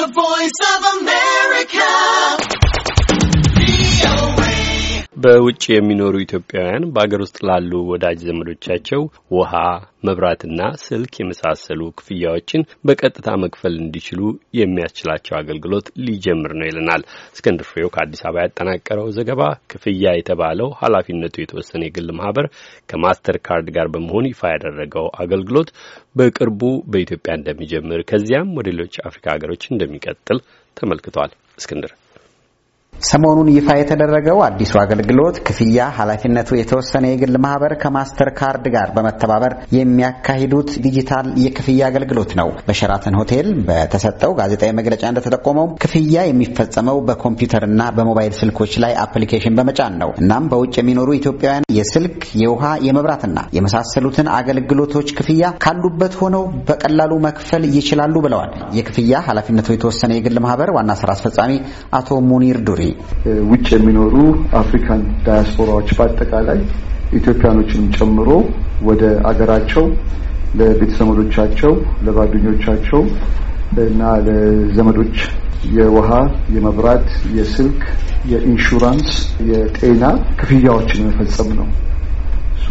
The Voice of a man. በውጭ የሚኖሩ ኢትዮጵያውያን በአገር ውስጥ ላሉ ወዳጅ ዘመዶቻቸው ውሃ፣ መብራትና ስልክ የመሳሰሉ ክፍያዎችን በቀጥታ መክፈል እንዲችሉ የሚያስችላቸው አገልግሎት ሊጀምር ነው ይለናል። እስክንድር ፍሬው ከአዲስ አበባ ያጠናቀረው ዘገባ ክፍያ የተባለው ኃላፊነቱ የተወሰነ የግል ማህበር ከማስተር ካርድ ጋር በመሆን ይፋ ያደረገው አገልግሎት በቅርቡ በኢትዮጵያ እንደሚጀምር ከዚያም ወደ ሌሎች አፍሪካ ሀገሮች እንደሚቀጥል ተመልክቷል። እስክንድር ሰሞኑን ይፋ የተደረገው አዲሱ አገልግሎት ክፍያ ኃላፊነቱ የተወሰነ የግል ማህበር ከማስተር ካርድ ጋር በመተባበር የሚያካሂዱት ዲጂታል የክፍያ አገልግሎት ነው። በሸራተን ሆቴል በተሰጠው ጋዜጣዊ መግለጫ እንደተጠቆመው ክፍያ የሚፈጸመው በኮምፒውተርና በሞባይል ስልኮች ላይ አፕሊኬሽን በመጫን ነው። እናም በውጭ የሚኖሩ ኢትዮጵያውያን የስልክ፣ የውሃ፣ የመብራትና የመሳሰሉትን አገልግሎቶች ክፍያ ካሉበት ሆነው በቀላሉ መክፈል ይችላሉ ብለዋል። የክፍያ ኃላፊነቱ የተወሰነ የግል ማህበር ዋና ስራ አስፈጻሚ አቶ ሙኒር ዱሪ ውጭ የሚኖሩ አፍሪካን ዳያስፖራዎች በአጠቃላይ ኢትዮጵያኖችንም ጨምሮ ወደ አገራቸው ለቤተሰቦቻቸው፣ ለጓደኞቻቸው እና ለዘመዶች የውሃ፣ የመብራት፣ የስልክ፣ የኢንሹራንስ፣ የጤና ክፍያዎችን መፈጸም ነው። ሶ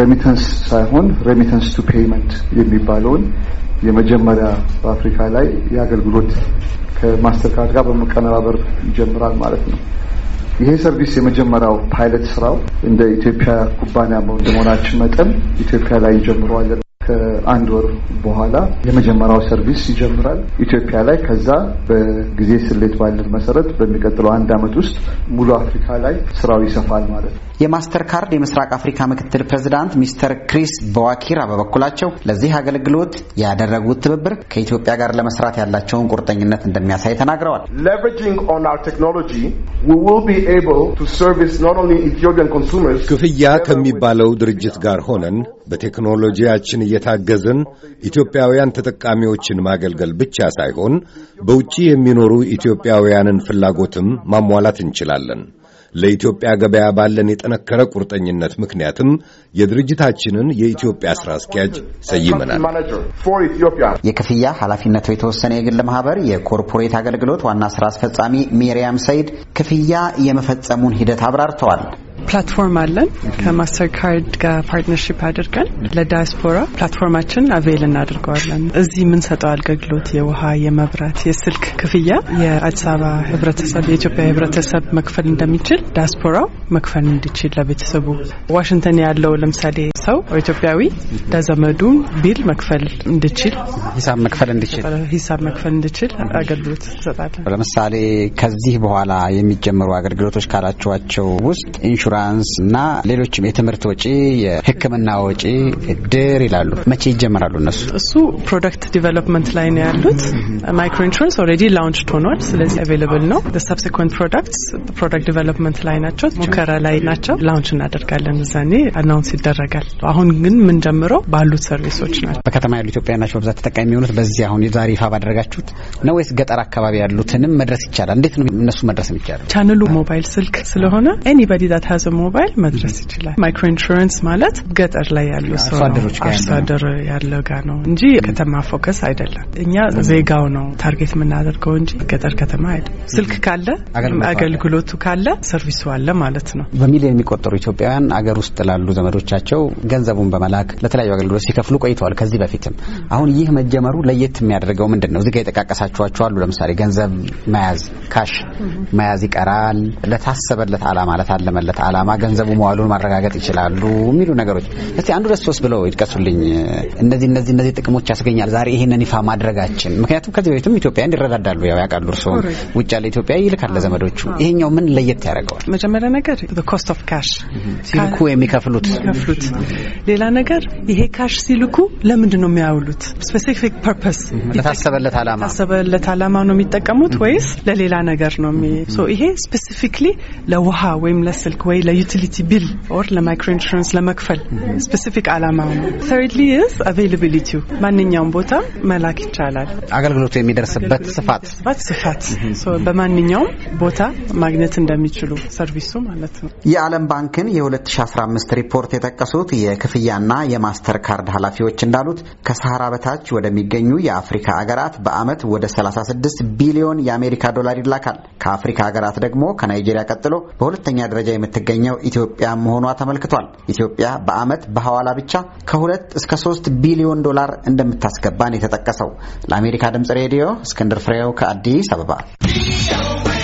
ሬሚተንስ ሳይሆን ሬሚተንስ ቱ ፔይመንት የሚባለውን የመጀመሪያ በአፍሪካ ላይ የአገልግሎት ከማስተርካርድ ጋር በመቀነባበር ይጀምራል ማለት ነው። ይሄ ሰርቪስ የመጀመሪያው ፓይለት ስራው እንደ ኢትዮጵያ ኩባንያ በመሆናችን መጠን ኢትዮጵያ ላይ እንጀምረዋለን። ከአንድ ወር በኋላ የመጀመሪያው ሰርቪስ ይጀምራል ኢትዮጵያ ላይ። ከዛ በጊዜ ስሌት ባለን መሰረት በሚቀጥለው አንድ ዓመት ውስጥ ሙሉ አፍሪካ ላይ ስራው ይሰፋል ማለት ነው። የማስተር ካርድ የምስራቅ አፍሪካ ምክትል ፕሬዚዳንት ሚስተር ክሪስ በዋኪራ በበኩላቸው ለዚህ አገልግሎት ያደረጉት ትብብር ከኢትዮጵያ ጋር ለመስራት ያላቸውን ቁርጠኝነት እንደሚያሳይ ተናግረዋል። ክፍያ ከሚባለው ድርጅት ጋር ሆነን በቴክኖሎጂያችን እየታገዝን ኢትዮጵያውያን ተጠቃሚዎችን ማገልገል ብቻ ሳይሆን በውጭ የሚኖሩ ኢትዮጵያውያንን ፍላጎትም ማሟላት እንችላለን። ለኢትዮጵያ ገበያ ባለን የጠነከረ ቁርጠኝነት ምክንያትም የድርጅታችንን የኢትዮጵያ ስራ አስኪያጅ ሰይመናል። የክፍያ ኃላፊነቱ የተወሰነ የግል ማህበር የኮርፖሬት አገልግሎት ዋና ስራ አስፈጻሚ ሚሪያም ሰይድ ክፍያ የመፈጸሙን ሂደት አብራርተዋል። ፕላትፎርም አለን ከማስተር ካርድ ጋር ፓርትነርሽፕ አድርገን ለዳያስፖራ ፕላትፎርማችን አቬል እናድርገዋለን። እዚህ የምንሰጠው አገልግሎት የውሃ፣ የመብራት፣ የስልክ ክፍያ የአዲስ አበባ ህብረተሰብ የኢትዮጵያ ህብረተሰብ መክፈል እንደሚችል ዳያስፖራው መክፈል እንዲችል ለቤተሰቡ ዋሽንግተን ያለው ለምሳሌ ሰው ኢትዮጵያዊ ለዘመዱ ቢል መክፈል እንዲችል ሂሳብ መክፈል እንዲችል ሂሳብ መክፈል እንዲችል አገልግሎት እንሰጣለን። ለምሳሌ ከዚህ በኋላ የሚጀምሩ አገልግሎቶች ካላችኋቸው ውስጥ ኢንሹራ ኢንሹራንስ እና ሌሎችም የትምህርት ወጪ፣ የህክምና ወጪ እድር ይላሉ። መቼ ይጀመራሉ እነሱ? እሱ ፕሮዳክት ዲቨሎፕመንት ላይ ነው ያሉት። ማይክሮ ኢንሹራንስ ኦልሬዲ ላውንች ሆኗል። ስለዚህ አቬለብል ነው። ሰብሲኩዌንት ፕሮዳክትስ ፕሮዳክት ዲቨሎፕመንት ላይ ናቸው፣ ሙከራ ላይ ናቸው። ላውንች እናደርጋለን፣ እዛኔ አናውንስ ይደረጋል። አሁን ግን ምን ጀምረው ባሉት ሰርቪሶች ናቸው። በከተማ ያሉ ኢትዮጵያ ናቸው በብዛት ተጠቃሚ የሆኑት በዚህ አሁን የዛሬ ይፋ ባደረጋችሁት ነው ወይስ ገጠር አካባቢ ያሉትንም መድረስ ይቻላል? እንዴት ነው እነሱ መድረስ የሚቻለው? ቻንሉ ሞባይል ስልክ ስለሆነ ኤኒባዲ ዳት ከዘ ሞባይል መድረስ ይችላል። ማይክሮ ኢንሹራንስ ማለት ገጠር ላይ ያለው ሰው አርሶ አደር ያለ ጋ ነው እንጂ ከተማ ፎከስ አይደለም። እኛ ዜጋው ነው ታርጌት የምናደርገው እንጂ ገጠር ከተማ አይደለም። ስልክ ካለ አገልግሎቱ ካለ ሰርቪሱ አለ ማለት ነው። በሚሊዮን የሚቆጠሩ ኢትዮጵያውያን አገር ውስጥ ላሉ ዘመዶቻቸው ገንዘቡን በመላክ ለተለያዩ አገልግሎት ሲከፍሉ ቆይተዋል። ከዚህ በፊትም አሁን ይህ መጀመሩ ለየት የሚያደርገው ምንድን ነው? እዚጋ የጠቃቀሳችኋቸው አሉ። ለምሳሌ ገንዘብ መያዝ ካሽ መያዝ ይቀራል። ለታሰበለት አላማ ለታለመለት ዓላማ ገንዘቡ መዋሉን ማረጋገጥ ይችላሉ የሚሉ ነገሮች እስቲ አንድ ሁለት ሶስት ብለው ይጥቀሱልኝ። እነዚህ እነዚህ እነዚህ ጥቅሞች ያስገኛል ዛሬ ይህንን ይፋ ማድረጋችን። ምክንያቱም ከዚህ በፊትም ኢትዮጵያን እንዲረዳዳሉ ያው ያውቃሉ፣ እርስ ውጭ ያለ ኢትዮጵያ ይልካል ለዘመዶቹ። ይሄኛው ምን ለየት ያደርገዋል? መጀመሪያ ነገር ኮስት ኦፍ ካሽ ሲልኩ የሚከፍሉት የሚከፍሉት፣ ሌላ ነገር ይሄ ካሽ ሲልኩ ለምንድን ነው የሚያውሉት? ስፔሲፊክ ፐርፐስ ለታሰበለት ዓላማ ታሰበለት ዓላማ ነው የሚጠቀሙት ወይስ ለሌላ ነገር ነው? ይሄ ስፔሲፊክሊ ለውሃ ወይም ለስልክ ወይ ለዩቲሊቲ ቢል ኦር ለማይክሮ ኢንሹራንስ ለመክፈል ስፔሲፊክ አላማ ነው። ስ አቬይላቢሊቲ ማንኛውም ቦታ መላክ ይቻላል። አገልግሎቱ የሚደርስበት ስፋት ስፋት ስፋት በማንኛውም ቦታ ማግኘት እንደሚችሉ ሰርቪሱ ማለት ነው። የዓለም ባንክን የ2015 ሪፖርት የጠቀሱት የክፍያና የማስተር ካርድ ኃላፊዎች እንዳሉት ከሰሃራ በታች ወደሚገኙ የአፍሪካ አገራት በአመት ወደ 36 ቢሊዮን የአሜሪካ ዶላር ይላካል። ከአፍሪካ ሀገራት ደግሞ ከናይጄሪያ ቀጥሎ በሁለተኛ ደረጃ የምትገ የምትገኘው ኢትዮጵያ መሆኗ ተመልክቷል። ኢትዮጵያ በዓመት በሐዋላ ብቻ ከሁለት እስከ ሶስት ቢሊዮን ዶላር እንደምታስገባን የተጠቀሰው። ለአሜሪካ ድምጽ ሬዲዮ እስክንድር ፍሬው ከአዲስ አበባ